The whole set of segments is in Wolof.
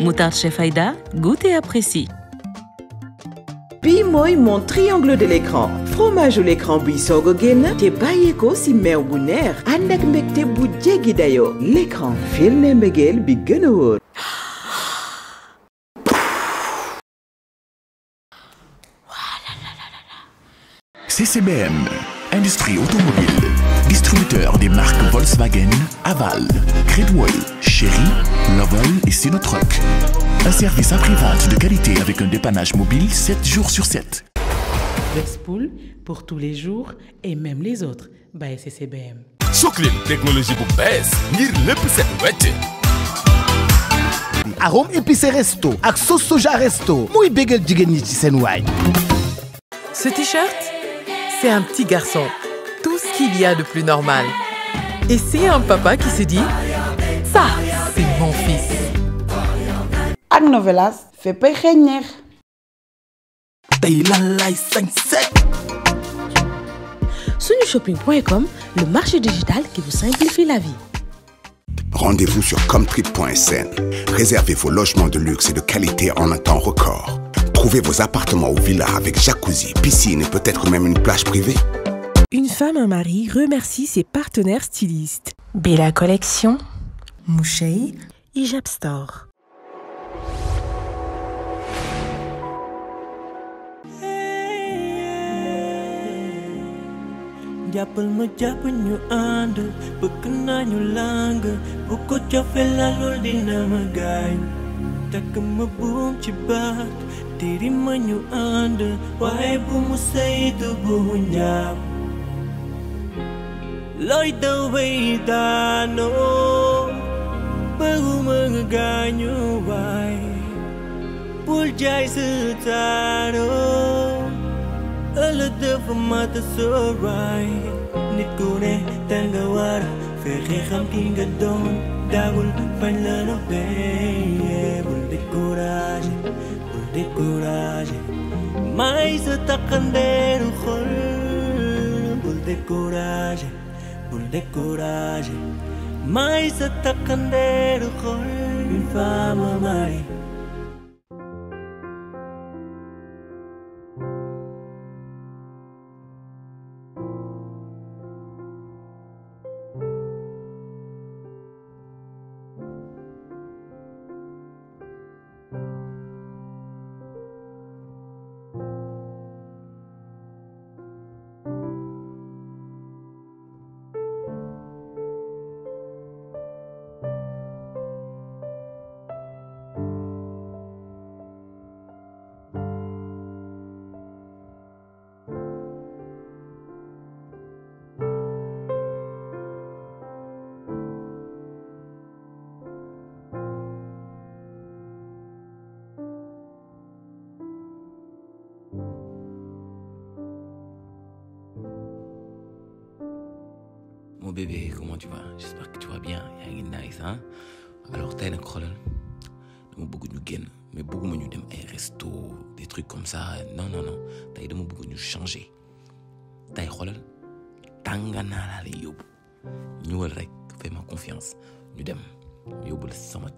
Moutarde Chef Faïda, goûte et apprécie. moi, mon triangle de l'écran fromage ou l'écran buy T'es si te bàyyeekoo si mer bu neex ànd ak l'écran la Megel, la CCBM Industrie automobile, distributeur des marques Volkswagen, Aval, Credwell, Chery, Lovell et Truck. Un service à private de qualité avec un dépannage mobile 7 jours sur 7. Vexpool pour tous les jours et même les autres. By CCBM. technologie pour bees ngir le set arôme épicé resto Axo soja resto Moui, bégel du ñi Ce t-shirt c'est un petit garçon. Tout ce qu'il y a de plus normal. Et c'est un papa qui se dit Ça, c'est mon fils. agnovelas Novelas fait xeeñ neex. lan lay le marché digital qui vous simplifie la vie. Rendez-vous sur comtrip.sn. Réservez vos logements de luxe et de qualité en un temps record. Trouvez vos appartements ou villas avec jacuzzi, piscine et peut-être même une plage privée. Une femme, un mari remercie ses partenaires stylistes. Bella Collection, Mouchei, Jap Store. Takkan mebum cepat Diri menyu anda Wahai bumu say tubuhnya Lối đâu vậy ta nô Baru wai Puljai setaro Alla deva mata sorai Nit kune tangawara Vergegam kinga don Dagul panlano bay perder coragem, perder coragem. Mais atacando o rolo, perder coragem, por perder coragem. Mais atacando o rolo, fama, mãe. comment tu vas J'espère que tu vas bien. nice, hein? Alors tey dama mais beaucoup resto des trucs comme ça non non non tey dama beaucoup changer une Tangana la fais ma confiance Nous dem sama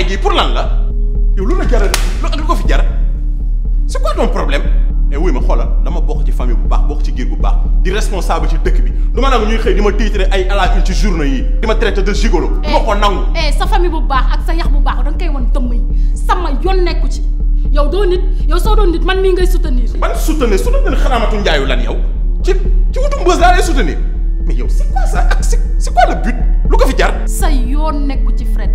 ataaya gi pour lan la yow lu la jara lu ko fi jara c'est quoi ton problème et eh wuy ma xoolal dama bokk ci famille bu baax bokk ci giir bu baax di responsable ci dëkk bi du ma nangu ñuy é di ma tiitre ay à la une ci journée yi di ma traité de gigolo eh, du ma ko nangu eh sa famille bu baax ak sa yax bu baax danga koy wan dëmm yi sama yoon nekku ci yow doo nit yow soo doon nit man mii ngay soutenir man soutenir soutenir xaraamatu njaayu lan yow ci ci wutum bës laa lay soutenir mais yow c'est quoi ça ak c'est quoi le but lu ko fi jar sa yoon nekku ci Fred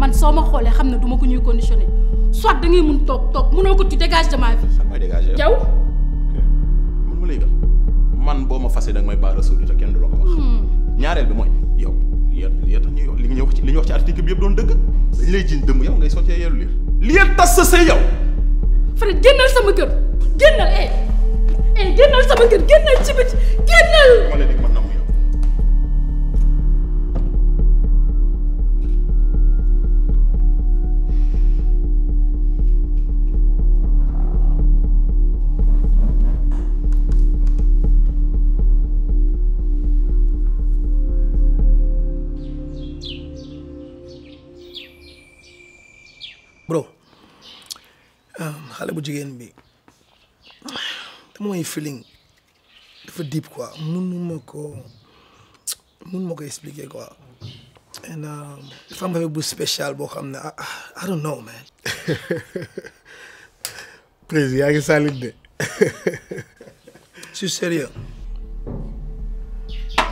man soo ma xoolee xam ne du ma ko ñuy conditionné soit da ngay mun toog toog munoo ko tu dégage de ma sama xam nga dégagé yow. ok léegi man boo ma fasee da nga may baara suuf te kenn du la ko wax. Hmm. ñaareel bi mooy yow li ya tax ñuy li ñu wax ci li ñu wax ci article bi yëpp doon dëgg dañ lay jiiñ dëmm yow ngay soccee yeelu liir. li ya tas sa say yow. Fred génnal sama kër génnal eh eh génnal sama kër génnal ci biti génnal. bro je um, bu un bi feeling dafa deep quoi Je expliquer quoi Je suis spécial ne ah, ah, I don't know man président plaisir. Je de sérieux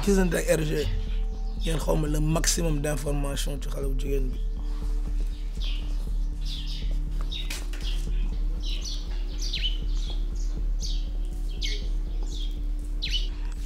Qu'est-ce ak le maximum d'informations tu tu bu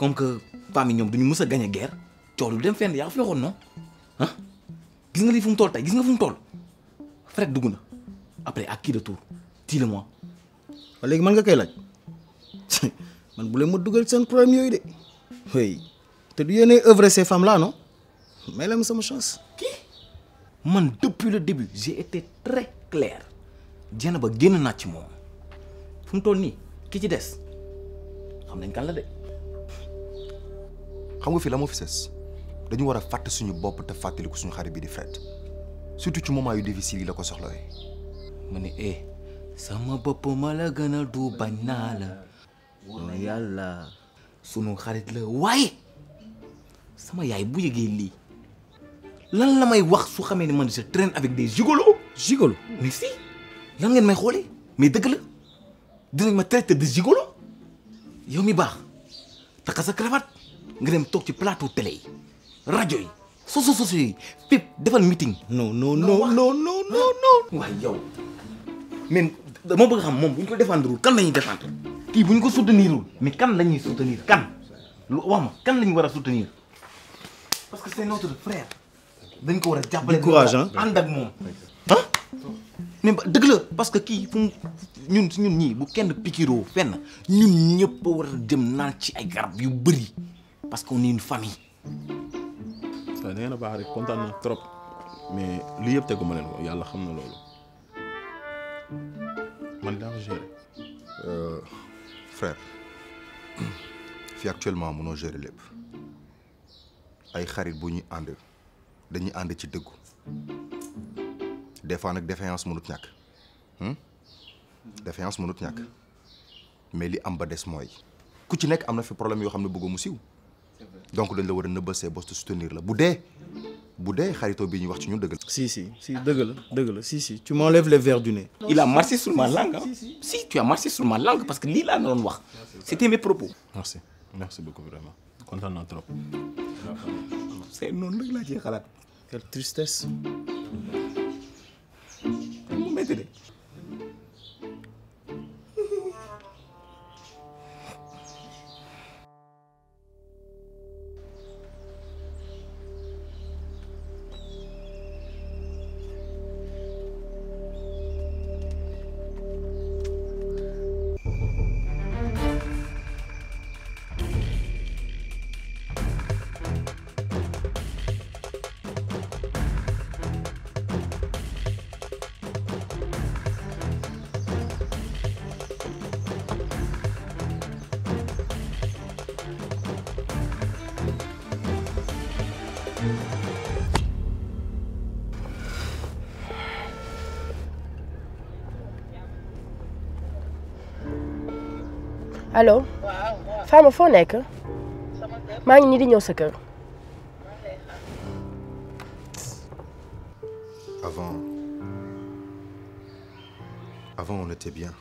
comme que famille yi ñoom duñu mës a guerre coow lu dem fenn ya ko fi waxoon non hein? gis nga li fu mu toll tey gis nga fu mu toll Fred après à qui de tour dis-le moi. waaw léegi mën nga kay laaj man bu leen ma dugal seen problème yoy de hey te du yéenay œuvre ces femmes là non Mais la ma sama chance. Qui? man depuis le début j'ai été très clair. Diène ba génn naa ci mom fu mu toll nii ki ci dess xam nañ kan la de xam nga fi la mo fi ses dañu war a fàtte suñu bopp te fàttaliku suñu xarit bi di Fred surtout ci moment yu difficile yi la ko soxlawee. ma ne eh sama bopp ma la gën a du bañ naa la. wala oh, yàlla sunu xarit la waaye sama yaay bu yëgee lii lan la may wax su xamee ne man je traîne avec des gigolos. gigolos mais si lan ngeen may xoolee mais dëgg la dinañ ma traité de gigolo yow mi baax takka sa cravate nga dem toog ci plateau télé radio, rajo yi soso soso yi defal meeting. non non non non non non. waaye yow même dama bëgg xam moom bu ñu ko défendrul kan la défendre kii bu ñu ko soutenirul mais kan la soutenir kan lu wax ma kan la ñu soutenir parce que c'est notre frère dañ ko war a courage hein. ànd ak moom ah. mais dëgg parce que kii fu mu ñun ñun ñii bu kenn pikiroo fenn ñun ñëpp a war a dem naan ci ay garab yu bëri. parce qu'on est une famille. da ngeen a baax rek kontaan na trop mais lii yëpp teguma leen ko yàlla xam na loolu man daa ko gérer. Euh, frère fii actuellement mënoo gérer lépp ay xarit bu ñuy ànd dañuy ànd ci dëggu des fois nag défaillance mënut ñàkk hmm? défaillance mënut ñàkk mais li am ba des mooy ku ci nekk am na fi problème yoo xam ne bëggoo mu siiw. donc le la war a nëbbal te soutenir la Boudé, si si si si si tu m'enlèves les verre du nez. il a marché sur ma langue hein. si tu as marché sur ma langue parce que l'ila n'a pas. c'était mes propos. merci merci beaucoup vraiment Content d'entendre. trop. c'est non quelle tristesse. allo Avant avant on était bien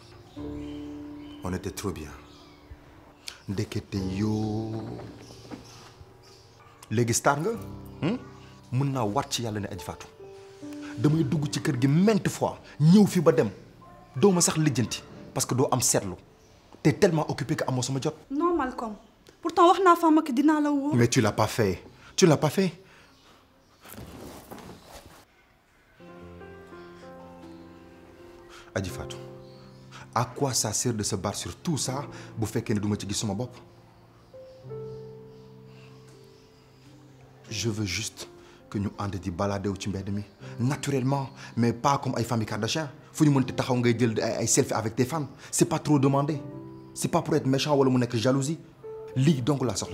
on était trop bien ndekete que tu es nga tu hmm? naa wat ci Tu ne Aji Tu damay dugg ci kër gi fois ñëw fi ba tu es sax parce que Tu am tu es tellement occupé que amoo sama jot. non Malcolm pourtant je une femme que dinaa la mais tu ne l'as pas fait tu ne l'as pas fait. Adi Fatou à quoi ça sert de se battre sur tout ça bu que ne duma ci sur sama bob. je veux juste que nous ànd di balader ci mbedd naturellement mais pas comme les familles Kardashian Faut ñu mënti taxaw ngay jël ay selfie avec tes fans n'est pas trop demandé c'est pas pour être méchant ou que nekk jalousie lii donc la sort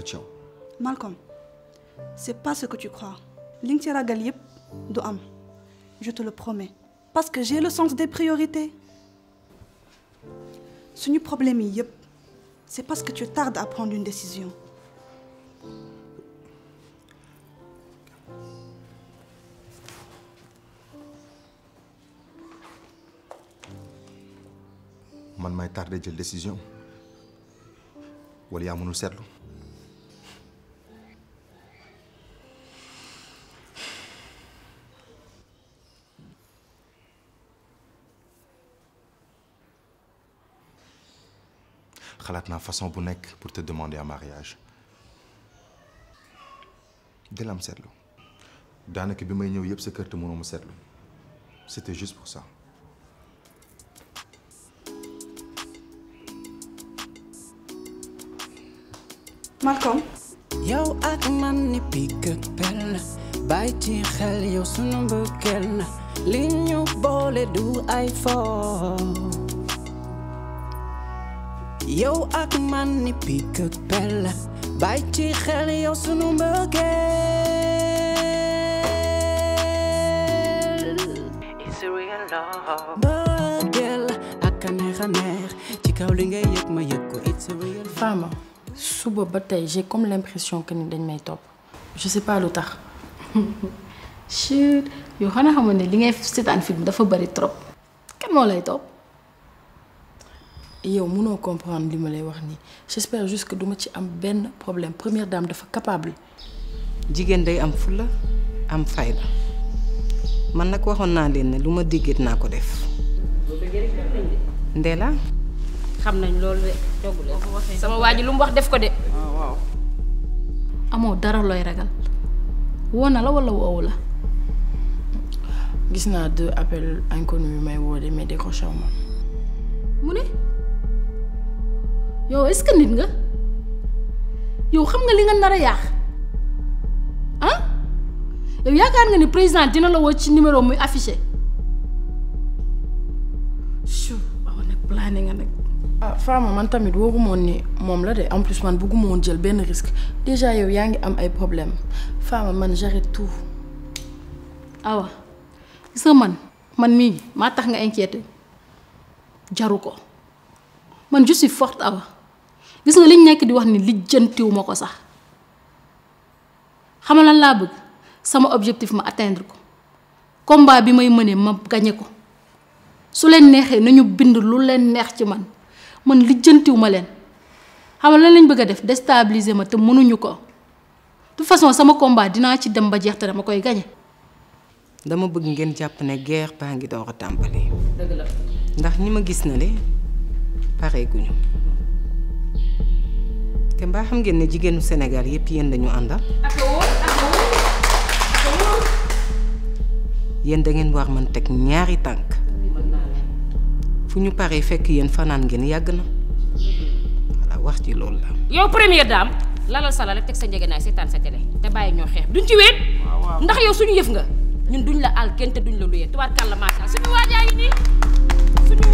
Malcolm c'est pas ce que tu crois je te le promets parce que j'ai le sens des priorités suñu problème c'est parce que tu tardes à prendre une décision. je suis tardé une décision wala yaa mënul seetlu xalaat naa façon bu nekk pour te demander en mariage dela am seetlu daanaka bi may ñëw yëpp sa kër te mënoo ma seetlu c'était juste pour ça Malcolm. yow ak man ni picc ak pelle bàyyi ci xel yow sunu mbëggeel na li ñu boole du ay fo yow ak man ni picc ak pelle bàyyi ci xel yow sunu mbëggeel. it's real love. mbëggeel ak a neex a neex ci kaw li ngay yëg ma yek ko it's real. Fama. j'ai comme l'impression que nous dañ may je sais pas l'autre. chut que li ngay film dafa bari trop Ken mo lay top? yow pas comprendre li ma lay wax j'espère juste que duma ci am bon problème première dame dafa capable jigéen day am fulla am fayda man nak waxon na ne xam nañ loolu de sama waa ji lu mu wax def ko de. Ah, waaw. amoo dara looy ragal woo na la walla woowu la. gis naa deux appels inconnus yu may woo de mais décroché ma. mu ne yow est-ce nit nga yow xam nga li nga nar a ah yow yaakaar nga ni président dina la woo ci numéro muy affiché. su waaw nag plané nga nag. ah Fama man tamit wóoru moon ni moom la de en plus man bëgguma jël benn risque déjà yow yaa ngi am ay problème Fama man j'arrête tout. awa gis nga man man mii maa tax nga inquiété jaru ko man je suis forte awa gis nga liñ nekk di wax ni lijjantiwu ma ko sax xam lan laa bëgg sama objectif ma atteindre ko komba bi may mënee ma gagné ko su leen neexee nañu bind lu leen neex ci man. man lijjantiw ma leen nga lan lañ bëgg a def déstabiliser ma te mënuñu ko de façon sama combat dinaa ci dem ba jeex te dama koy gagné. dama bëgg ngeen jàpp ne guerre baa ngi door a tàmbali. ndax ñi ma gis na le pare guñu te mbaa xam ngeen ne jigéenu Sénégal yépp yéen dañu àndal. yéen da ngeen war man teg ñaari tànk. ñu que fekk yeen fanane ngeen na wax ci la. yow première dame lalal sala ñoo duñ ci ndax yow suñu nga ñun duñ la duñ la suñu suñu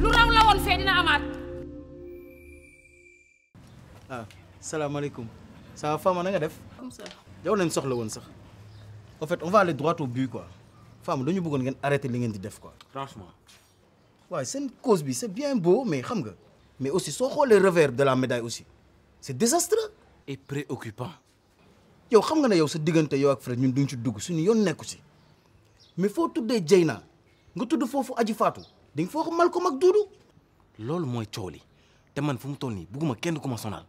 lu raw la dina ah ça va Fama nga def. comme ça yow lañ soxla en fait on va aller droit au but quoi Femme, dañu vous ngeen arrêter li ngeen di quoi franchement waaye seen cause bi c'est bien beau mais xam nga mais aussi soo xoolee revers de la médaille aussi c'est désastreux et préoccupant yow xam nga ne yow sa diggante yow ak frère ñun duñ ci dugg suñu yoon nekku si mais faut tuddee Dieyna nga tudd foofu Aji Fatou di nga foofu Malcom ak Doudou loolu mooy coow li te man fu mu toll nii bugguma kenn ku ma sonal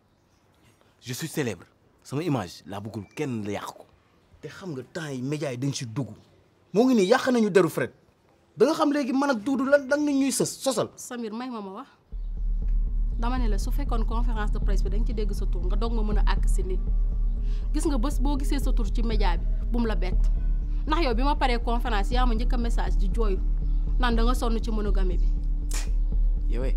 je suis célèbre sama image laa bëggul kenn la yàq ko te xam nga temps yi médias yi dañ si dugg moo ngi nii yàq nañu deru Fred da nga xam léegi man ak Doudou lan lan la ñuy sës sosal. Samir may ma ma wax dama ne la su fekkoon conférence de presse bi da ci dégg sa tur nga doog ma mën a àkk si nit gis nga bës boo gisee sa tur ci média bi bum la bett ndax yow bi ma paree conférence yaa ma njëkk a message di jooyu nan da nga sonn ci monogamie bi. yow eh,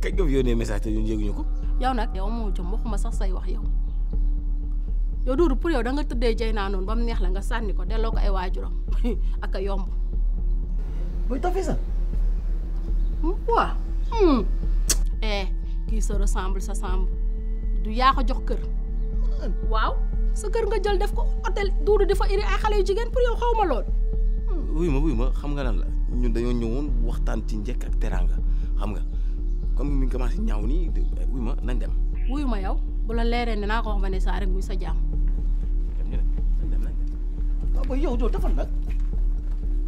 kañ nga fi yónnee message te ñun yëguñu ko. yow nag yow moo jëm waxuma sax say wax yow yow Doudou pour yow da nga tëddee jay naa noonu ba neex la nga sànni ko delloo ay waajuram ak yomb. booy Tafisa. waa. eh kii sa ressemble sa semble du yaa ko jox kër. waaw sa kër nga jël def ko hôtel duudu di fa iri ay xale yu jigéen pour yow xaw ma lool. Hmm. wuy ma wuy ma xam nga lan la ñun dañoo ñëwoon waxtaan ci njëkk ak teraanga xam nga comme mi ngi commencé ñaaw nii eh, wuy ma nañ dem. wuy ma yow bu la leeree ne naa ko wax ma ne sa jaam. dem ñu ah,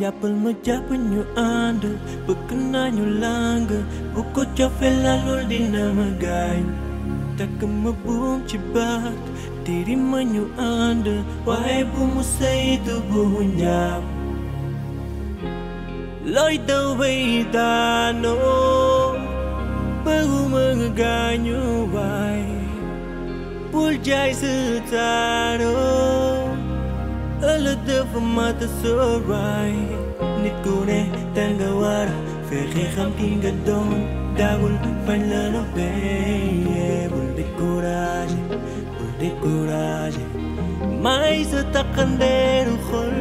jàppal mo jàpp ñu ànd bëgg naa ñu làng bu ko cofee la lool dina ma gaañ takk ma buum ci baat tëri ma ànd waaye bu relative mata sorai nikune tangawar fekhe kham kinga don dagul panlano be bul de courage bol de courage mais ataqander khol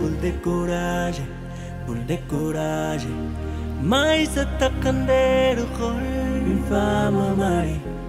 bol de courage bol de courage mais ataqander khol fama mai